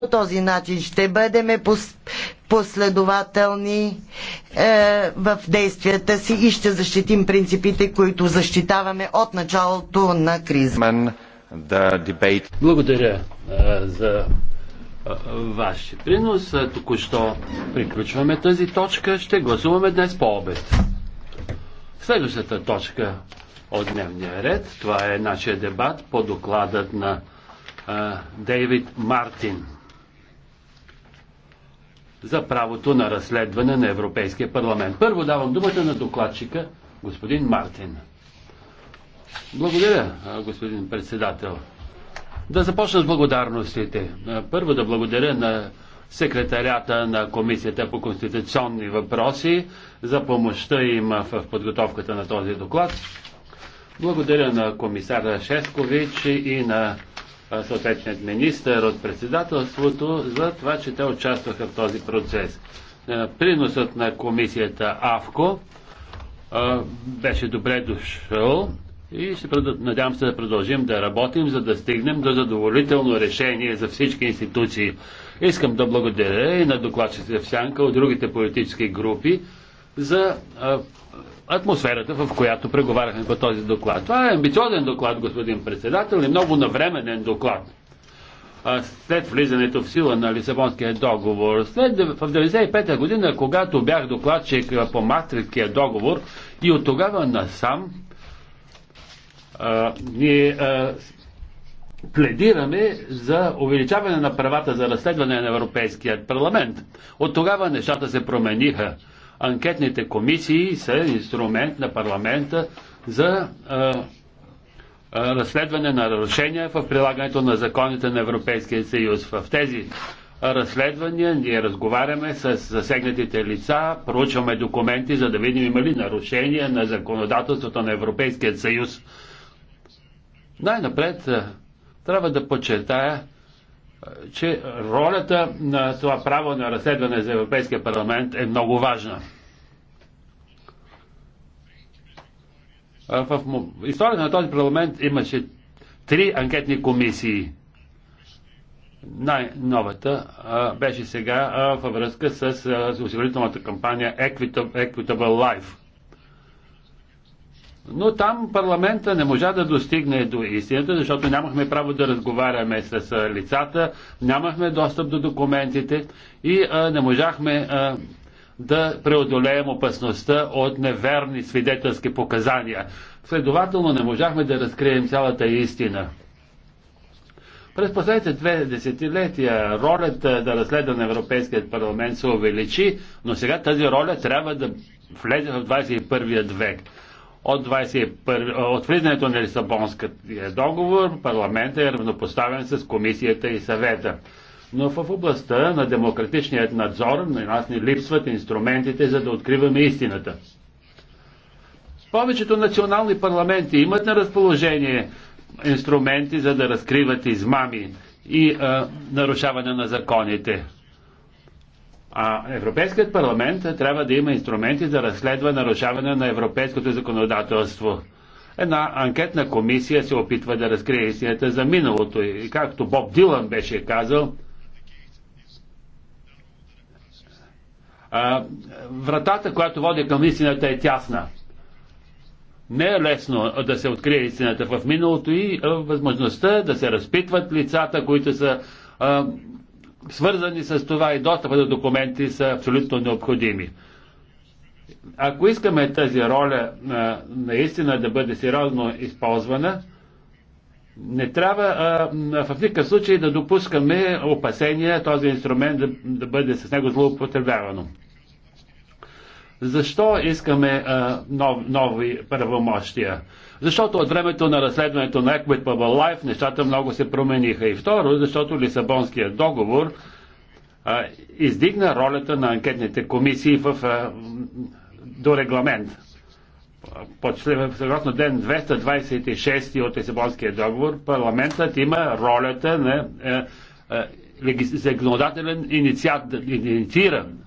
По този начин ще бъдем последователни е, в действията си и ще защитим принципите, които защитаваме от началото на криза. Благодаря е, за е, вашия принос. Е, току-що приключваме тази точка. Ще гласуваме днес по обед. Следващата точка от дневния ред, това е нашия дебат по докладът на е, Дейвид Мартин за правото на разследване на Европейския парламент. Първо давам думата на докладчика господин Мартин. Благодаря, господин председател. Да започна с благодарностите. Първо да благодаря на секретарята на Комисията по конституционни въпроси за помощта им в подготовката на този доклад. Благодаря на комисара Шескович и на съответният министр от председателството за това, че те участваха в този процес. Е, приносът на комисията АВКО беше добре дошъл и ще надявам се да продължим да работим, за да стигнем до задоволително решение за всички институции. Искам да благодаря и на докладчите в Сянка от другите политически групи за атмосферата, в която преговаряхме по този доклад. Това е амбициозен доклад, господин председател, и много навременен доклад. След влизането в сила на Лисабонския договор, след в 1995-та година, когато бях докладчик по Мастрихтския договор и от тогава насам а, ние а, пледираме за увеличаване на правата за разследване на Европейският парламент. От тогава нещата се промениха. Анкетните комисии са инструмент на парламента за а, а, разследване на нарушения в прилагането на законите на Европейския съюз. В тези разследвания ние разговаряме с засегнатите лица, проучваме документи, за да видим има ли нарушения на законодателството на Европейския съюз. Най-напред трябва да подчертая, че ролята на това право на разследване за Европейския парламент е много важна. В историята на този парламент имаше три анкетни комисии. Най-новата беше сега а, във връзка с осигурителната кампания Equitable Life. Но там парламента не можа да достигне до истината, защото нямахме право да разговаряме с лицата, нямахме достъп до документите и а, не можахме а, да преодолеем опасността от неверни свидетелски показания. Следователно не можахме да разкрием цялата истина. През последните две десетилетия ролята да разследва на Европейският парламент се увеличи, но сега тази роля трябва да влезе в 21 век. От, 21, от влизането на Лисабонския договор парламентът е равнопоставен с комисията и съвета. Но в областта на демократичният надзор на нас ни липсват инструментите, за да откриваме истината. Повечето национални парламенти имат на разположение инструменти, за да разкриват измами и а, нарушаване на законите. А Европейският парламент трябва да има инструменти за разследва нарушаване на европейското законодателство. Една анкетна комисия се опитва да разкрие истината за миналото и както Боб Дилан беше казал, а, вратата, която води към истината е тясна. Не е лесно да се открие истината в миналото и възможността да се разпитват лицата, които са а, свързани с това и достъпа до документи са абсолютно необходими. Ако искаме тази роля а, наистина да бъде сериозно използвана, не трябва а, в никакъв случай да допускаме опасения този инструмент да, да бъде с него злоупотребявано. Защо искаме а, нов, нови правомощия? Защото от времето на разследването на Екбет Павалаев нещата много се промениха. И второ, защото Лисабонският договор а, издигна ролята на анкетните комисии в, а, до регламент. съгласно ден 226 от Лисабонския договор, парламентът има ролята на а, а, законодателен инициат, иницииран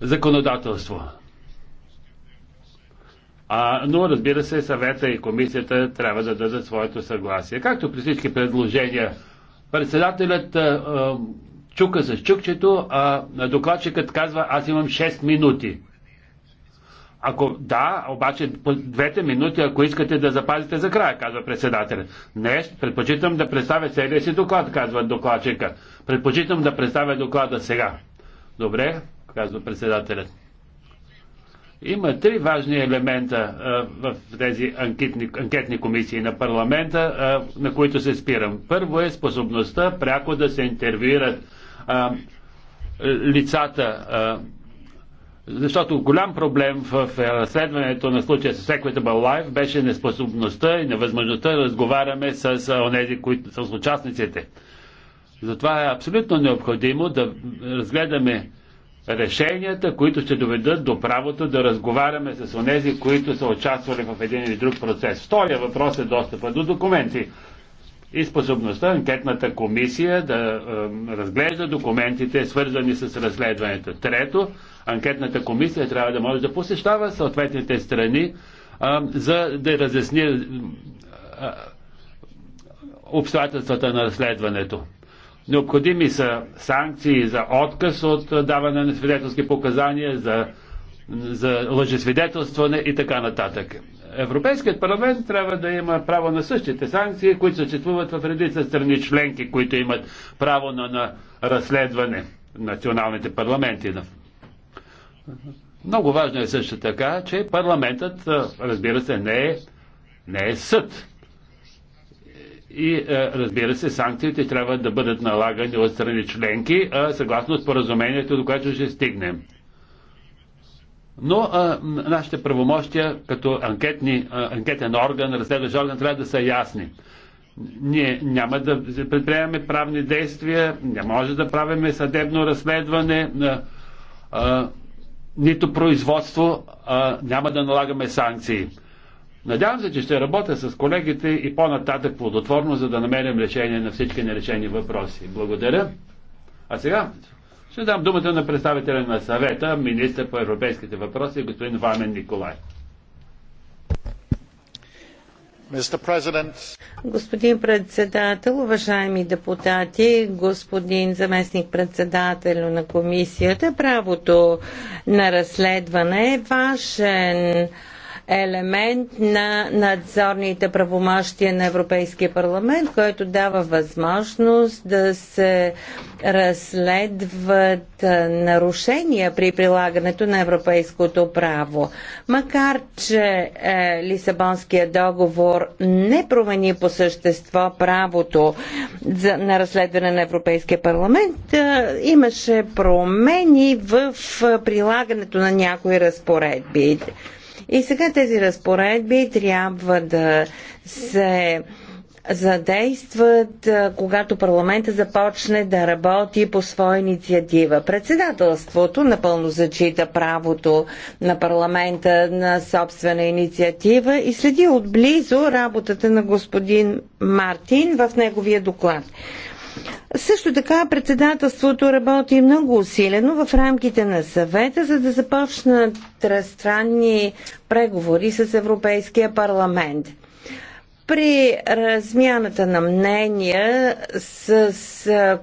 законодателство. А, но разбира се, съвета и комисията трябва да дадат своето съгласие. Както при всички предложения, председателят а, чука с чукчето, а докладчикът казва, аз имам 6 минути. Ако да, обаче по двете минути, ако искате да запазите за края, казва председателят. Не, предпочитам да представя целия си доклад, казва докладчика. Предпочитам да представя доклада сега. Добре, казва председателят. Има три важни елемента в тези анкетни, анкетни комисии на парламента, на които се спирам. Първо е способността пряко да се интервюират лицата, защото голям проблем в разследването на случая с Equitable Life беше неспособността и невъзможността да разговаряме с онези, които са участниците. Затова е абсолютно необходимо да разгледаме решенията, които ще доведат до правото да разговаряме с онези, които са участвали в един или друг процес. Втория въпрос е достъпа до документи и способността анкетната комисия да е, разглежда документите, свързани с разследването. Трето, анкетната комисия трябва да може да посещава съответните страни, е, за да разясни е, обстоятелствата на разследването. Необходими са санкции за отказ от даване на свидетелски показания, за, за лъжесвидетелстване и така нататък. Европейският парламент трябва да има право на същите санкции, които съществуват в редица страни членки, които имат право на, на разследване националните парламенти. Много важно е също така, че парламентът, разбира се, не е, не е съд. И е, разбира се, санкциите трябва да бъдат налагани от страни членки, е, съгласно споразумението, до което ще стигнем. Но а, е, нашите правомощия като анкетни, а, анкетен орган, разследващ орган трябва да са ясни. Ние няма да предприемаме правни действия, не може да правиме съдебно разследване, а, а, нито производство, а, няма да налагаме санкции. Надявам се, че ще работя с колегите и по-нататък плодотворно, за да намерим решение на всички нерешени въпроси. Благодаря. А сега ще дам думата на представителя на съвета, министър по европейските въпроси, господин Вамен Николай. Господин председател, уважаеми депутати, господин заместник председател на комисията, правото на разследване е важен елемент на надзорните правомощия на Европейския парламент, който дава възможност да се разследват нарушения при прилагането на европейското право. Макар, че е, Лисабонския договор не промени по същество правото за, на разследване на Европейския парламент, е, имаше промени в прилагането на някои разпоредби. И сега тези разпоредби трябва да се задействат, когато парламента започне да работи по своя инициатива. Председателството напълно зачита правото на парламента на собствена инициатива и следи отблизо работата на господин Мартин в неговия доклад. Също така председателството работи много усилено в рамките на съвета, за да започнат тристранни преговори с Европейския парламент. При размяната на мнения с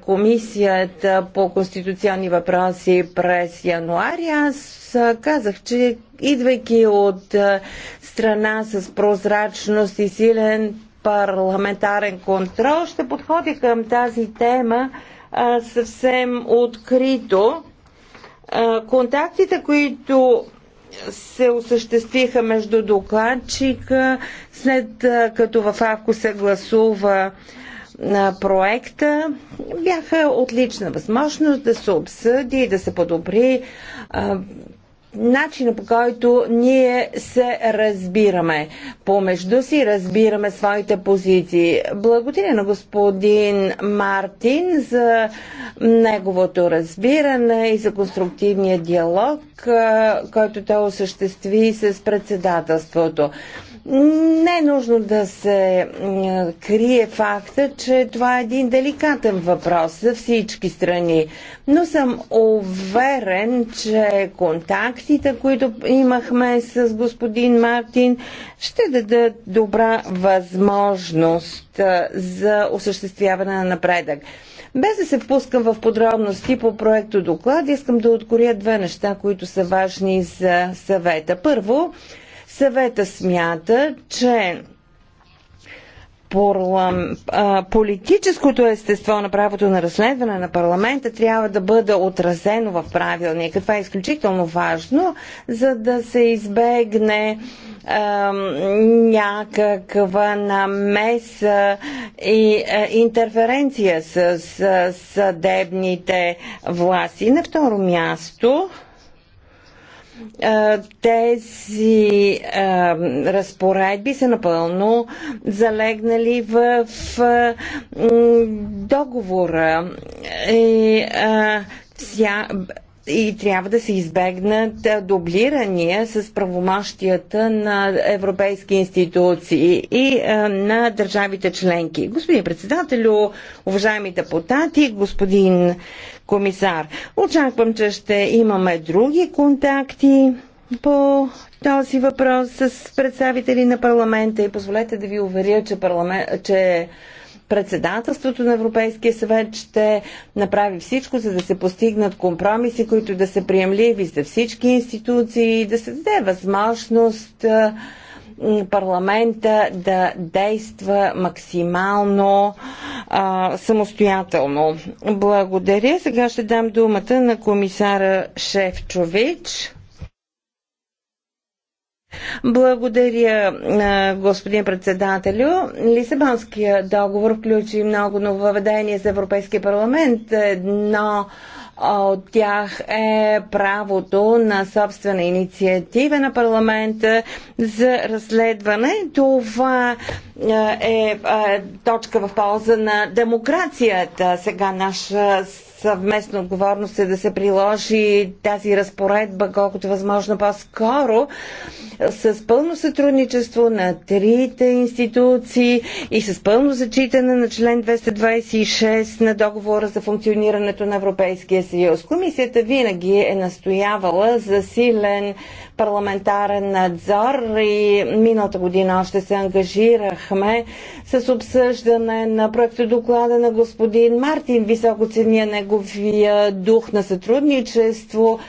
Комисията по конституционни въпроси през януари, аз казах, че идвайки от страна с прозрачност и силен парламентарен контрол, ще подходя към тази тема а, съвсем открито. А, контактите, които се осъществиха между докладчика, след а, като в Авко се гласува на проекта бяха отлична възможност да се обсъди и да се подобри а, начина по който ние се разбираме. Помежду си разбираме своите позиции. Благодаря на господин Мартин за неговото разбиране и за конструктивния диалог, който той осъществи с председателството. Не е нужно да се крие факта, че това е един деликатен въпрос за всички страни, но съм уверен, че контактите, които имахме с господин Мартин, ще дадат добра възможност за осъществяване на напредък. Без да се впускам в подробности по проекто доклад, искам да откоря две неща, които са важни за съвета. Първо, Съвета смята, че политическото естество на правото на разследване на парламента трябва да бъде отразено в правилника. Това е изключително важно, за да се избегне някаква намеса и интерференция с съдебните власти. на второ място, тези разпоредби са напълно залегнали в, договора. И, вся, и трябва да се избегнат дублирания с правомощията на европейски институции и на държавите членки. Господин председателю, уважаеми депутати, господин комисар. Очаквам, че ще имаме други контакти по този въпрос с представители на парламента и позволете да ви уверя, че, парламент, че председателството на Европейския съвет ще направи всичко, за да се постигнат компромиси, които да са приемливи за всички институции и да се даде възможност парламента да действа максимално а, самостоятелно. Благодаря. Сега ще дам думата на комисара Шефчович. Благодаря, господин председателю. Лисабонския договор включи много нововведения за Европейския парламент. Едно от тях е правото на собствена инициатива на парламента за разследване. Това е, е точка в полза на демокрацията. Сега наш съвместна отговорност е да се приложи тази разпоредба колкото е възможно по-скоро с пълно сътрудничество на трите институции и с пълно зачитане на член 226 на договора за функционирането на Европейския съюз. Комисията винаги е настоявала за силен парламентарен надзор и миналата година още се ангажирахме с обсъждане на проекта доклада на господин Мартин. Високо ценя неговия дух на сътрудничество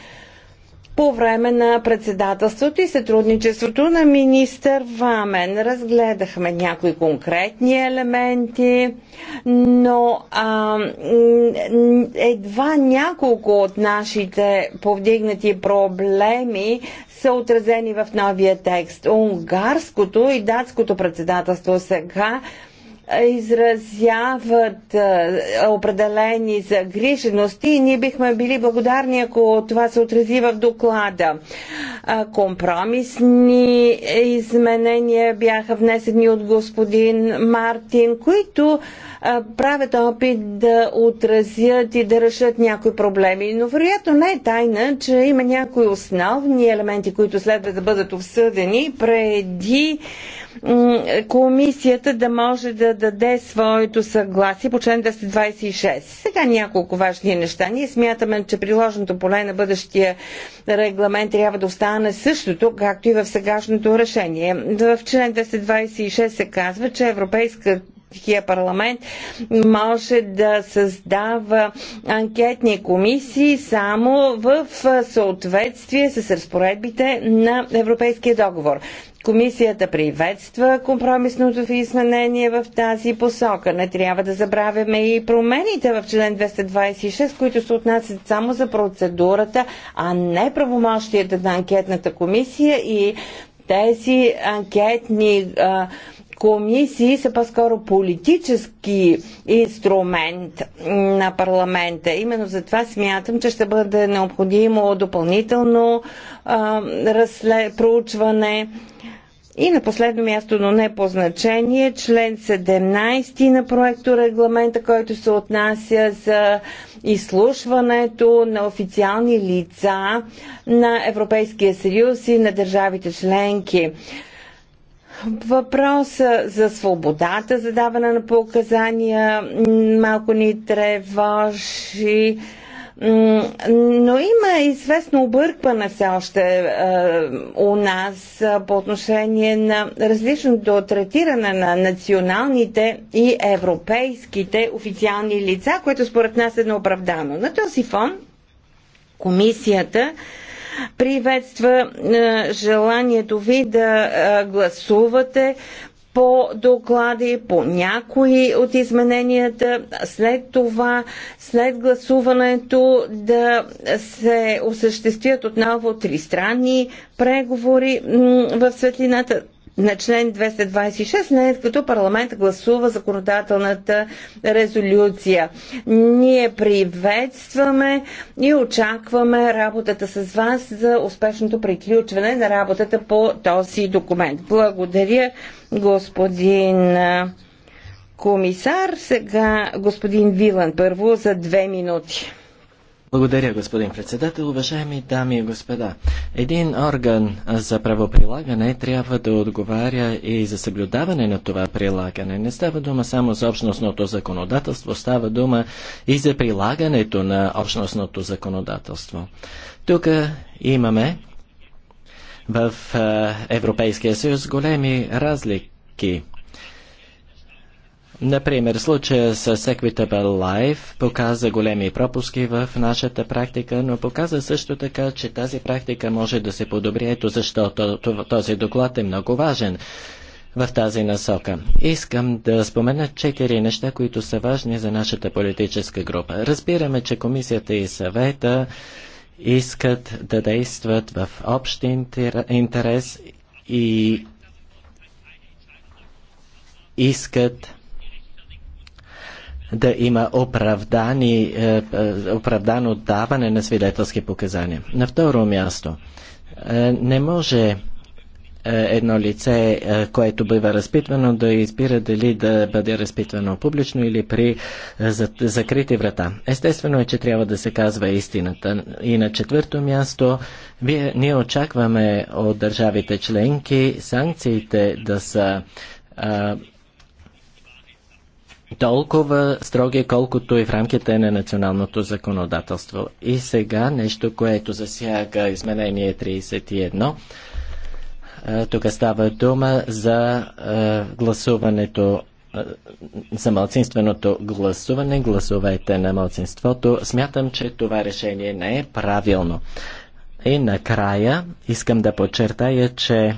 по време на председателството и сътрудничеството на министър Вамен. Разгледахме някои конкретни елементи, но а, едва няколко от нашите повдигнати проблеми са отразени в новия текст. Унгарското и датското председателство сега изразяват определени загрижености и ние бихме били благодарни, ако това се отрази в доклада. Компромисни изменения бяха внесени от господин Мартин, които правят опит да отразят и да решат някои проблеми. Но вероятно не е тайна, че има някои основни елементи, които следва да бъдат обсъдени преди комисията да може да даде своето съгласие по член 226. Сега няколко важни неща. Ние смятаме, че приложното поле на бъдещия регламент трябва да остане същото, както и в сегашното решение. В член 226 се казва, че Европейската Европейския парламент може да създава анкетни комисии само в съответствие с разпоредбите на Европейския договор. Комисията приветства компромисното в изменение в тази посока. Не трябва да забравяме и промените в член 226, които се отнасят само за процедурата, а не правомощията на анкетната комисия и тези анкетни а, комисии са по-скоро политически инструмент на парламента. Именно за това смятам, че ще бъде необходимо допълнително а, разслед, проучване. И на последно място, но не по значение, член 17 на проекто регламента, който се отнася за изслушването на официални лица на Европейския съюз и на държавите членки. Въпроса за свободата за даване на показания малко ни тревожи. Но има известно объркване все още е, у нас е, по отношение на различното третиране на националните и европейските официални лица, което според нас е неоправдано. На този фон комисията приветства е, желанието ви да е, гласувате по доклади, по някои от измененията, след това, след гласуването да се осъществят отново тристранни преговори в светлината на член 226, не е като парламент гласува законодателната резолюция. Ние приветстваме и очакваме работата с вас за успешното приключване на работата по този документ. Благодаря, господин комисар. Сега господин Вилан първо за две минути. Благодаря, господин председател. Уважаеми дами и господа, един орган за правоприлагане трябва да отговаря и за съблюдаване на това прилагане. Не става дума само за общностното законодателство, става дума и за прилагането на общностното законодателство. Тук имаме в е, Европейския съюз големи разлики. Например, случая с Equitable Life показа големи пропуски в нашата практика, но показа също така, че тази практика може да се подобри, ето защото този доклад е много важен в тази насока. Искам да спомена четири неща, които са важни за нашата политическа група. Разбираме, че комисията и съвета искат да действат в общ интерес и искат да има оправдани, е, е, оправдано даване на свидетелски показания. На второ място, е, не може едно лице, което бива разпитвано, да избира дали да бъде разпитвано публично или при закрити врата. Естествено е, че трябва да се казва истината. И на четвърто място, вие, ние очакваме от държавите членки санкциите да са а, толкова строги, колкото и в рамките на националното законодателство. И сега нещо, което засяга изменение 31. Тук става дума за гласуването за малцинственото гласуване, гласовете на малцинството. Смятам, че това решение не е правилно. И накрая искам да подчертая, че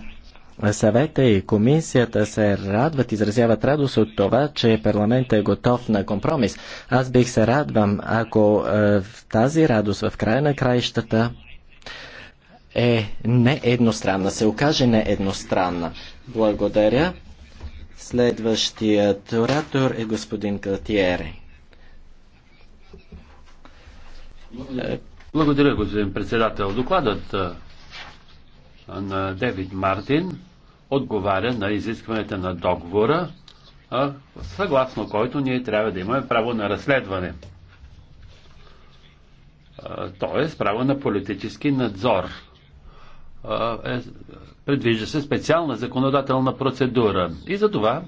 съвета и комисията се радват, изразяват радост от това, че парламентът е готов на компромис. Аз бих се радвам, ако е, тази радост в края на краищата е не едностранна, се окаже неедностранна. Благодаря. Следващият оратор е господин Калтиери. Благодаря, господин председател. Докладът е, на Девид Мартин отговаря на изискването на договора, съгласно който ние трябва да имаме право на разследване. Тоест, право на политически надзор. Е, предвижда се специална законодателна процедура. И за това,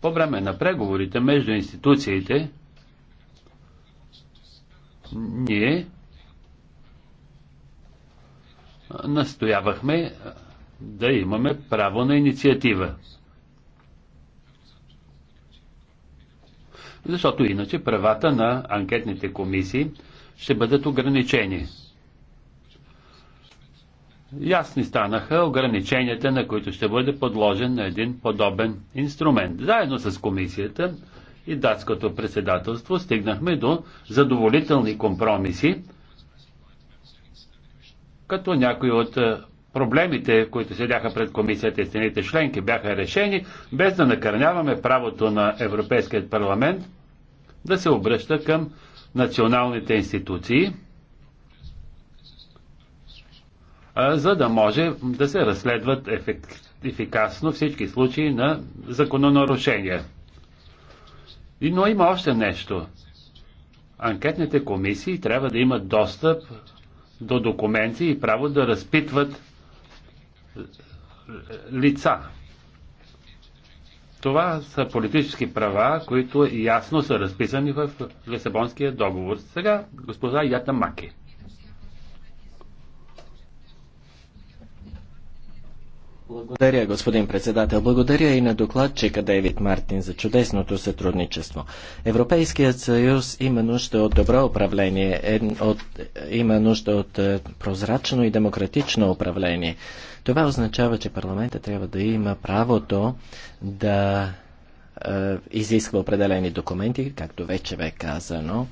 по време на преговорите между институциите, ние настоявахме да имаме право на инициатива. Защото иначе правата на анкетните комисии ще бъдат ограничени. Ясни станаха ограниченията, на които ще бъде подложен на един подобен инструмент. Заедно с комисията и датското председателство стигнахме до задоволителни компромиси, като някои от е, проблемите, които седяха пред комисията и стените членки, бяха решени, без да накърняваме правото на Европейският парламент да се обръща към националните институции, за да може да се разследват ефикасно всички случаи на закононарушения. Но има още нещо. Анкетните комисии трябва да имат достъп до документи и право да разпитват лица. Това са политически права, които ясно са разписани в Лисабонския договор. Сега госпожа Ята Маки. Благодаря, господин председател. Благодаря и на докладчика Дейвид Мартин за чудесното сътрудничество. Европейският съюз има нужда от добро управление, е, от, има нужда от е, прозрачно и демократично управление. Това означава, че парламента трябва да има правото да е, изисква определени документи, както вече бе казано. Е,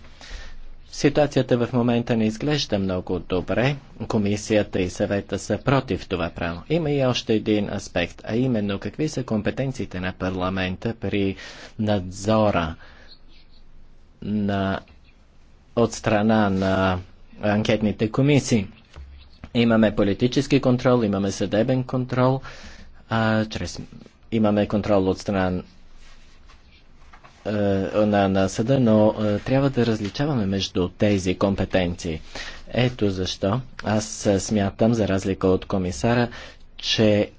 Ситуацията в момента не изглежда много добре. Комисията и съвета са против това право. Има и още един аспект, а именно какви са компетенциите на парламента при надзора на, от страна на анкетните комисии. Имаме политически контрол, имаме съдебен контрол, а, чрез, имаме контрол от страна е, на, на съда, но е, трябва да различаваме между тези компетенции. Ето защо аз е, смятам, за разлика от комисара, че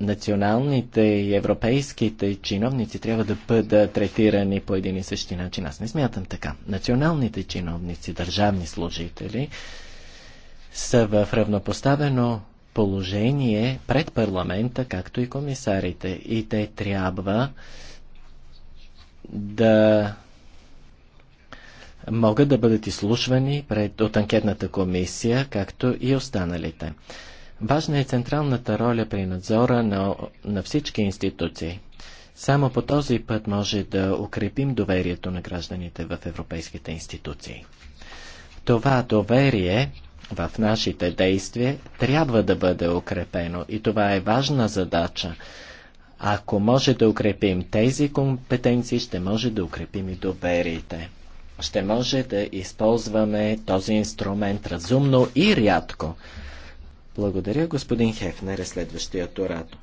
националните и европейските чиновници трябва да бъдат третирани по един и същи начин. Аз не смятам така. Националните чиновници, държавни служители, са в равнопоставено положение пред парламента, както и комисарите. И те трябва да могат да бъдат изслушвани пред, от анкетната комисия, както и останалите. Важна е централната роля при надзора на, на всички институции. Само по този път може да укрепим доверието на гражданите в европейските институции. Това доверие в нашите действия трябва да бъде укрепено и това е важна задача ако може да укрепим тези компетенции, ще може да укрепим и довериите. Ще може да използваме този инструмент разумно и рядко. Благодаря, господин Хефнер, е следващият оратор.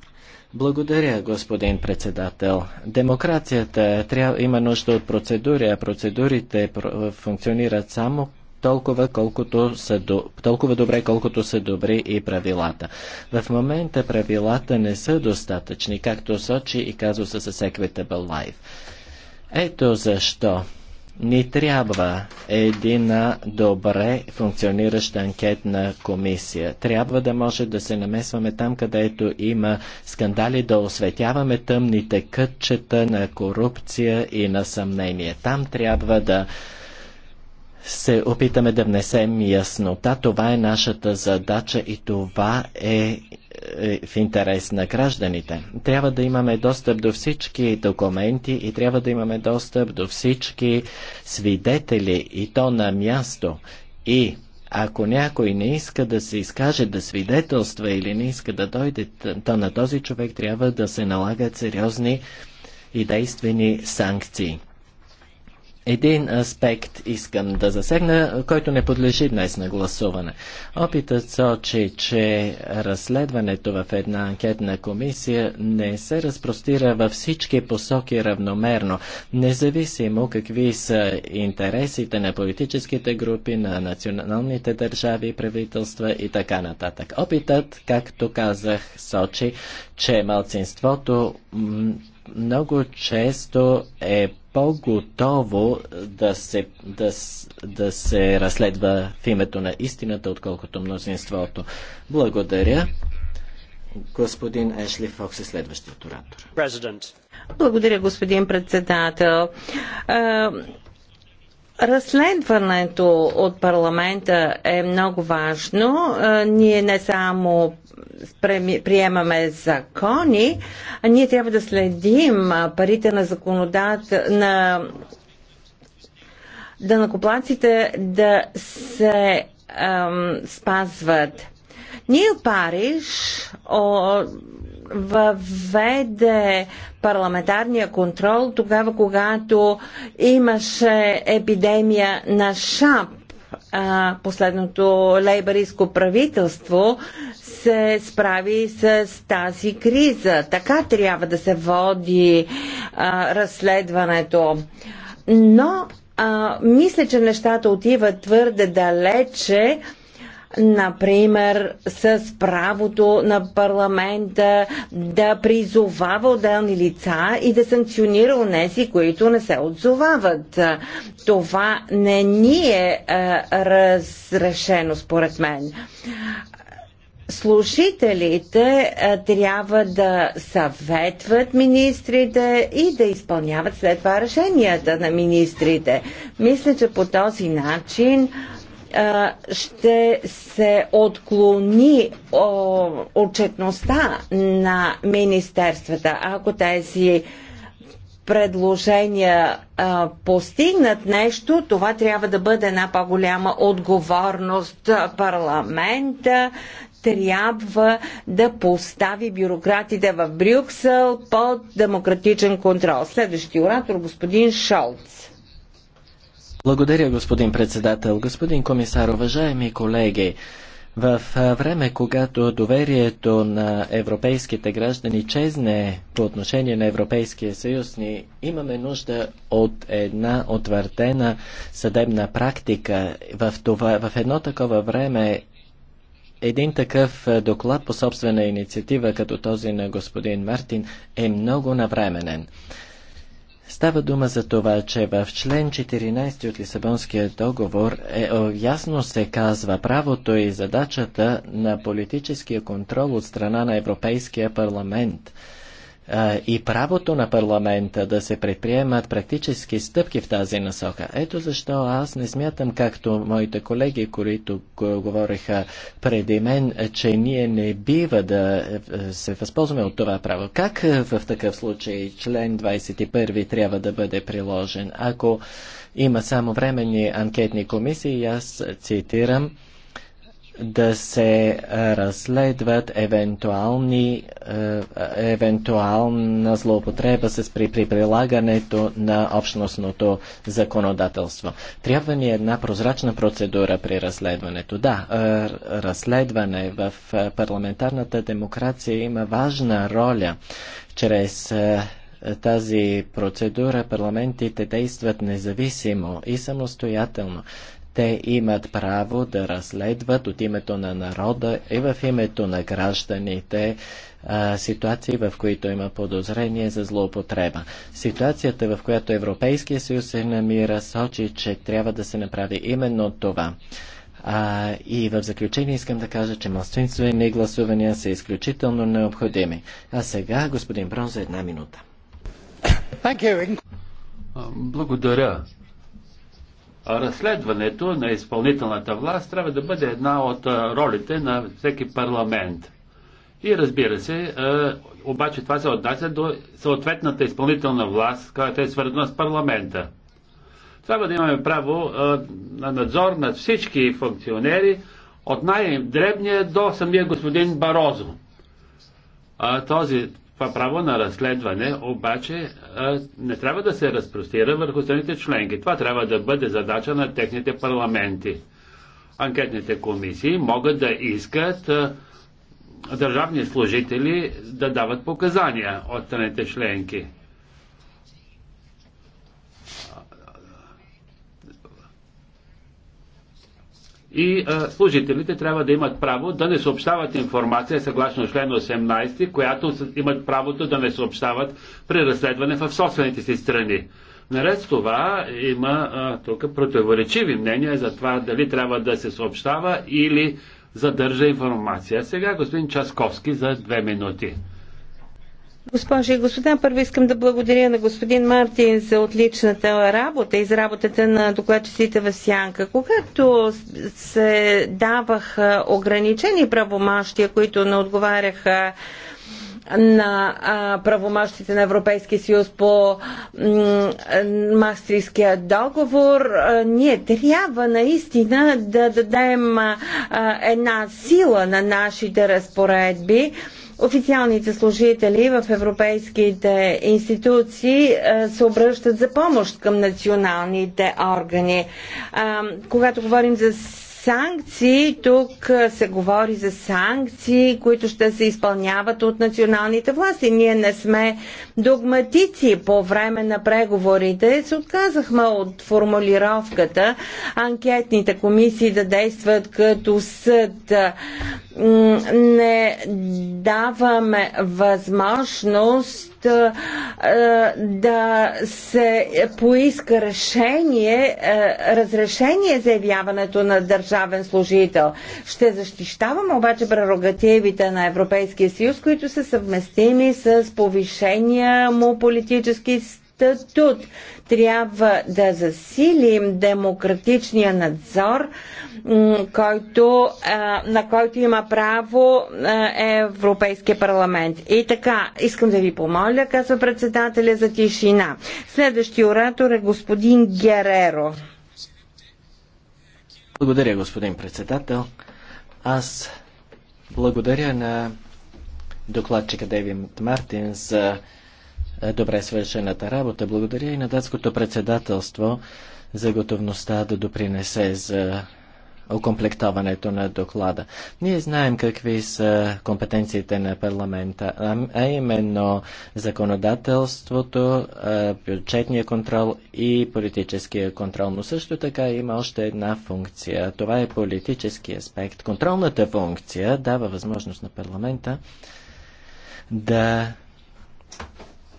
Благодаря, господин председател. Демокрацията трябва, има нужда от процедури, а процедурите функционират само толкова, колкото са толкова добре, колкото са добри и правилата. В момента правилата не са достатъчни, както сочи и казуса с Equitable Life. Ето защо ни трябва една добре функционираща анкетна комисия. Трябва да може да се намесваме там, където има скандали, да осветяваме тъмните кътчета на корупция и на съмнение. Там трябва да се опитаме да внесем яснота. Това е нашата задача и това е, е в интерес на гражданите. Трябва да имаме достъп до всички документи и трябва да имаме достъп до всички свидетели и то на място. И ако някой не иска да се изкаже, да свидетелства или не иска да дойде, то на този човек трябва да се налагат сериозни и действени санкции. Един аспект искам да засегна, който не подлежи днес на гласуване. Опитът сочи, че разследването в една анкетна комисия не се разпростира във всички посоки равномерно, независимо какви са интересите на политическите групи, на националните държави, правителства и така нататък. Опитът, както казах, сочи, че малцинството много често е по-готово да се, да, да се разследва в името на истината, отколкото мнозинството. Благодаря. Господин Ешли Фокс е следващият оратор. President. Благодаря, господин председател. Разследването от парламента е много важно. Ние не само приемаме закони, а ние трябва да следим парите на законодат, на данакоплаците да се ам, спазват. Нил Париж о, въведе парламентарния контрол тогава, когато имаше епидемия на ШАП. А, последното лейбарийско правителство се справи с тази криза. Така трябва да се води а, разследването. Но а, мисля, че нещата отиват твърде далече например, с правото на парламента да призовава отделни лица и да санкционира унеси, които не се отзовават. Това не ни е, е разрешено, според мен служителите трябва да съветват министрите и да изпълняват след това решенията на министрите. Мисля, че по този начин ще се отклони отчетността на министерствата, ако тези предложения а, постигнат нещо, това трябва да бъде една по-голяма отговорност парламента, трябва да постави бюрократите в Брюксел под демократичен контрол. Следващия оратор, господин Шолц. Благодаря, господин председател, господин комисар, уважаеми колеги. В време, когато доверието на европейските граждани чезне по отношение на Европейския съюз, ни имаме нужда от една отвъртена съдебна практика. В, това, в едно такова време един такъв е, доклад по собствена инициатива, като този на господин Мартин, е много навременен. Става дума за това, че в член 14 от Лисабонския договор е, ясно се казва правото и задачата на политическия контрол от страна на Европейския парламент – и правото на парламента да се предприемат практически стъпки в тази насока. Ето защо аз не смятам, както моите колеги, които говориха преди мен, че ние не бива да е, е, се възползваме от това право. Как е, в такъв случай член 21 трябва да бъде приложен? Ако има само временни анкетни комисии, аз цитирам, да се разследват евентуални, евентуална злоупотреба с при, при прилагането на общностното законодателство. Трябва ни една прозрачна процедура при разследването. Да, разследване в парламентарната демокрация има важна роля чрез тази процедура парламентите действат независимо и самостоятелно. Те имат право да разследват от името на народа и в името на гражданите ситуации, в които има подозрение за злоупотреба. Ситуацията, в която Европейския съюз се намира, сочи, че трябва да се направи именно това. А, и в заключение искам да кажа, че малцинствени гласувания са изключително необходими. А сега господин Брон за една минута. Благодаря разследването на изпълнителната власт трябва да бъде една от ролите на всеки парламент. И разбира се, обаче това се отнася до съответната изпълнителна власт, която е свързана с парламента. Трябва да имаме право на надзор над всички функционери, от най-дребния до самия господин Барозо. този това право на разследване обаче не трябва да се разпростира върху страните членки. Това трябва да бъде задача на техните парламенти. Анкетните комисии могат да искат държавни служители да дават показания от страните членки. и а, служителите трябва да имат право да не съобщават информация съгласно член 18, която имат правото да не съобщават при разследване в собствените си страни. Наред с това има а, тук противоречиви мнения за това дали трябва да се съобщава или задържа информация. Сега господин Часковски за две минути. Госпожи и господа, първо искам да благодаря на господин Мартин за отличната работа и за работата на докладчиците в Сянка. Когато се даваха ограничени правомащия, които не отговаряха на правомащите на Европейския съюз по Мастрийския договор, ние трябва наистина да дадем една сила на нашите разпоредби. Официалните служители в европейските институции е, се обръщат за помощ към националните органи. Когато говорим за санкции, тук се говори за санкции, които ще се изпълняват от националните власти. Ние не сме догматици по време на преговорите. Се отказахме от формулировката анкетните комисии да действат като съд. Не даваме възможност да се поиска решение, разрешение за явяването на държавен служител. Ще защищавам обаче прерогативите на Европейския съюз, които са съвместими с повишения му политически статус статут. Трябва да засилим демократичния надзор, който, на който има право Европейския парламент. И така, искам да ви помоля, казва председателя за тишина. Следващия оратор е господин Гереро. Благодаря, господин председател. Аз благодаря на докладчика Дейвид Мартин за добре свършената работа. Благодаря и на датското председателство за готовността да допринесе за окомплектоването на доклада. Ние знаем какви са компетенциите на парламента, а именно законодателството, бюджетния контрол и политическия контрол. Но също така има още една функция. Това е политически аспект. Контролната функция дава възможност на парламента да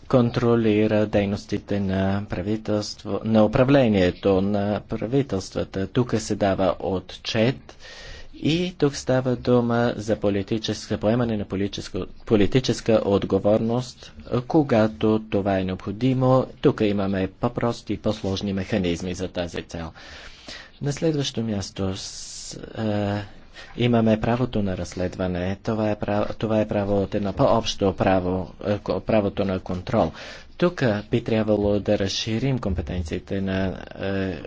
контролира дейностите на, правителство, на управлението на правителствата. Тук се дава отчет и тук става дума за политическа, поемане на политическа, политическа отговорност, когато това е необходимо. Тук имаме по-прости и по-сложни механизми за тази цел. На следващо място с, е, Имаме правото на разследване. Това е право, това е право от едно по-общо право, е, правото на контрол. Тук би трябвало да разширим компетенциите на е,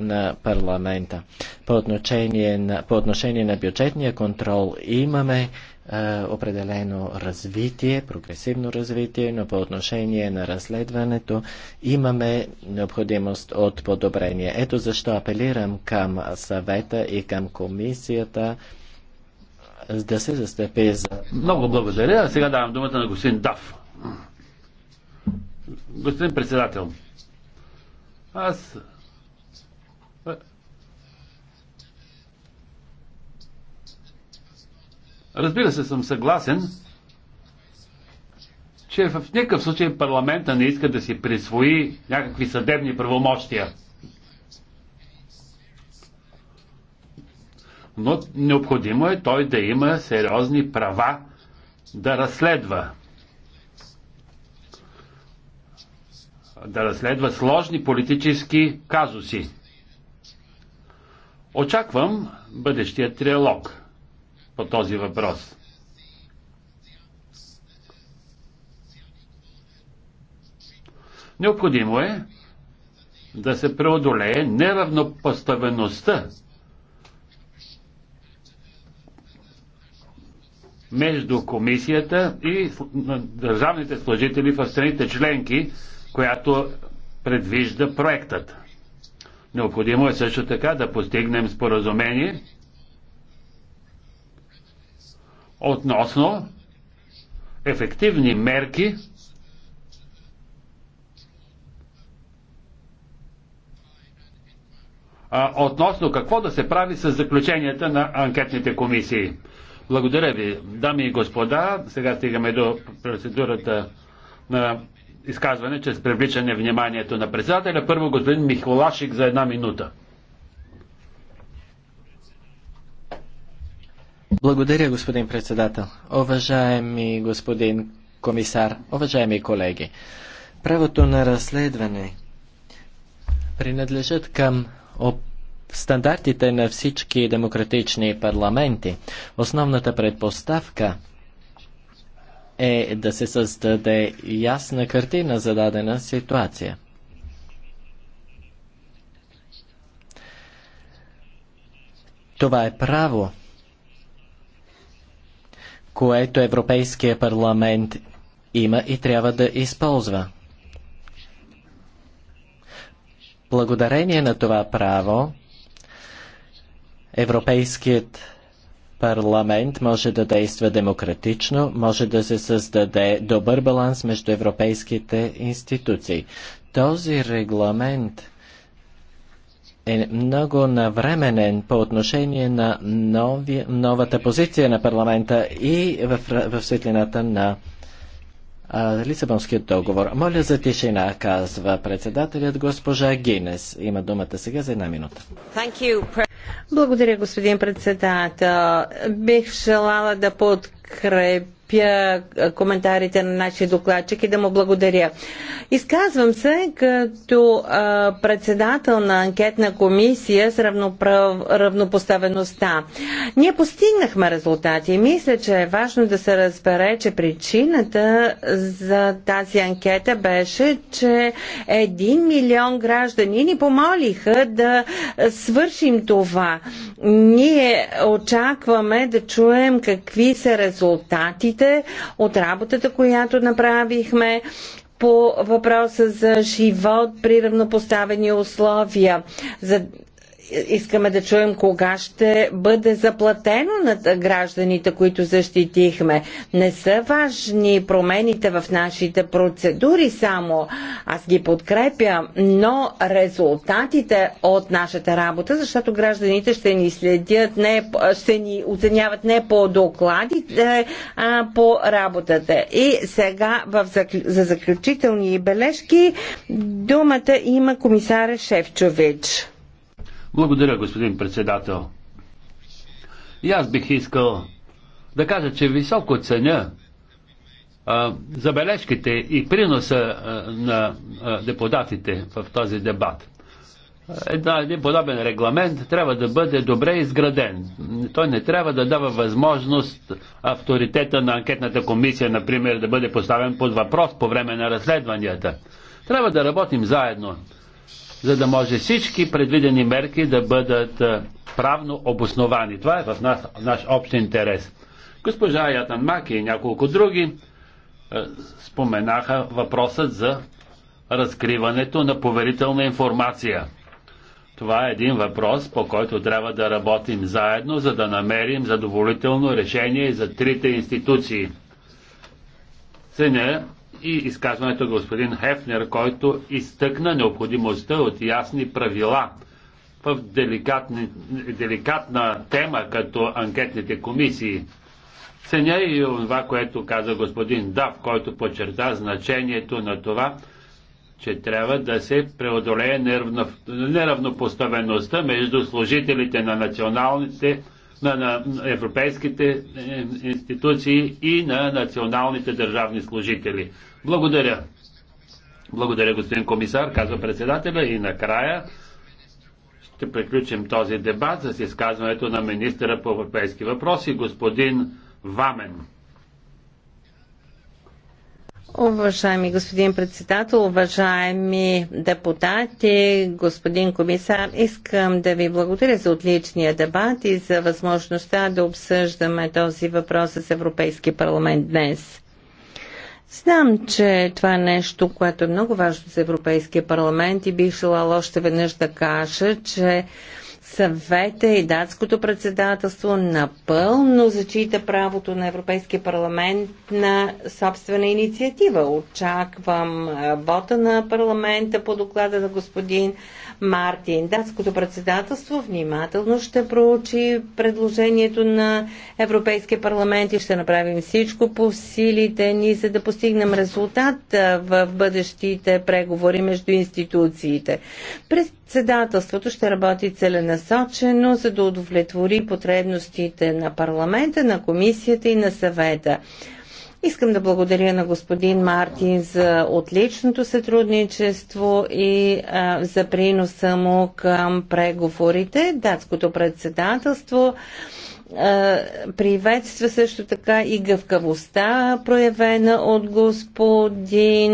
на парламента. По отношение на, по отношение на бюджетния контрол имаме е, определено развитие, прогресивно развитие, но по отношение на разследването имаме необходимост от подобрение. Ето защо апелирам към съвета и към комисията е, да се застъпи за... Много благодаря. Сега давам думата на господин Дав. Господин председател, аз Разбира се, съм съгласен, че в никакъв случай парламента не иска да си присвои някакви съдебни правомощия. Но необходимо е той да има сериозни права да разследва. Да разследва сложни политически казуси. Очаквам бъдещия триалог по този въпрос. Необходимо е да се преодолее неравнопоставеността между комисията и държавните служители в страните членки, която предвижда проектът. Необходимо е също така да постигнем споразумение относно ефективни мерки относно какво да се прави с заключенията на анкетните комисии. Благодаря ви, дами и господа. Сега стигаме до процедурата на изказване чрез привличане вниманието на председателя. Първо господин Михолашик за една минута. Благодаря, господин председател. Уважаеми господин комисар, уважаеми колеги, правото на разследване принадлежат към стандартите на всички демократични парламенти. Основната предпоставка е да се създаде ясна картина за дадена ситуация. Това е право което Европейския парламент има и трябва да използва. Благодарение на това право, Европейският парламент може да действа демократично, може да се създаде добър баланс между европейските институции. Този регламент е много навременен по отношение на нови, новата позиция на парламента и в, в светлината на а, Лисабонският договор. Моля за тишина, казва председателят госпожа Гинес. Има думата сега за една минута. Благодаря, господин председател. Бих желала да подкрепя подкрепя коментарите на нашия докладчик и да му благодаря. Изказвам се като председател на анкетна комисия с равноправ... равнопоставеността. Ние постигнахме резултати и мисля, че е важно да се разбере, че причината за тази анкета беше, че един милион граждани ни помолиха да свършим това. Ние очакваме да чуем какви са резултатите резултатите от работата, която направихме по въпроса за живот при равнопоставени условия. За искаме да чуем кога ще бъде заплатено на гражданите, които защитихме. Не са важни промените в нашите процедури само. Аз ги подкрепям, но резултатите от нашата работа, защото гражданите ще ни следят, не, ще ни оценяват не по докладите, а по работата. И сега в, за заключителни бележки думата има комисаря Шевчович. Благодаря, господин председател. И аз бих искал да кажа, че високо ценя а, забележките и приноса а, на а, депутатите в този дебат. Една, един подобен регламент трябва да бъде добре изграден. Той не трябва да дава възможност авторитета на анкетната комисия, например, да бъде поставен под въпрос по време на разследванията. Трябва да работим заедно за да може всички предвидени мерки да бъдат правно обосновани. Това е в нас, наш общ интерес. Госпожа Ятан Маки и няколко други споменаха въпросът за разкриването на поверителна информация. Това е един въпрос, по който трябва да работим заедно, за да намерим задоволително решение за трите институции. Съня, и изказването господин Хефнер, който изтъкна необходимостта от ясни правила в деликатни, деликатна тема, като анкетните комисии. Ценя и това, което каза господин Дав, който подчерта значението на това, че трябва да се преодолее неравнопоставеността между служителите на националните на, на европейските е, институции и на националните държавни служители. Благодаря. Благодаря, господин комисар, казва председателя. И накрая ще приключим този дебат с изказването на министра по европейски въпроси, господин Вамен. Уважаеми господин председател, уважаеми депутати, господин комисар, искам да ви благодаря за отличния дебат и за възможността да обсъждаме този въпрос с Европейски парламент днес. Знам, че това е нещо, което е много важно за Европейския парламент и бих желала още веднъж да кажа, че съвета и датското председателство напълно зачита правото на Европейския парламент на собствена инициатива. Очаквам вота на парламента по доклада на господин Мартин. Датското председателство внимателно ще проучи предложението на Европейския парламент и ще направим всичко по силите ни, за да постигнем резултат в бъдещите преговори между институциите. Председателството ще работи целенасочено, за да удовлетвори потребностите на парламента, на комисията и на съвета. Искам да благодаря на господин Мартин за отличното сътрудничество и а, за приноса му към преговорите. Датското председателство а, приветства също така и гъвкавостта, проявена от господин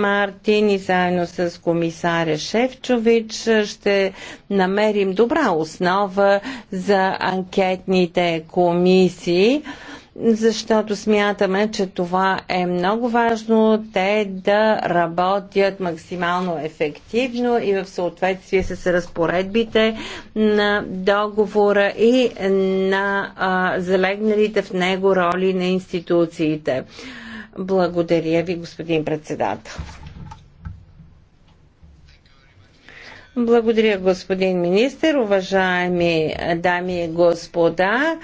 Мартин и заедно с комисаря Шевчович ще намерим добра основа за анкетните комисии защото смятаме, че това е много важно те да работят максимално ефективно и в съответствие с разпоредбите на договора и на а, залегналите в него роли на институциите. Благодаря ви, господин председател. Благодаря, господин министр, уважаеми дами и господа.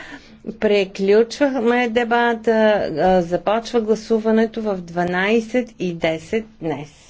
Преключваме дебата. Започва гласуването в 12 и 10 днес.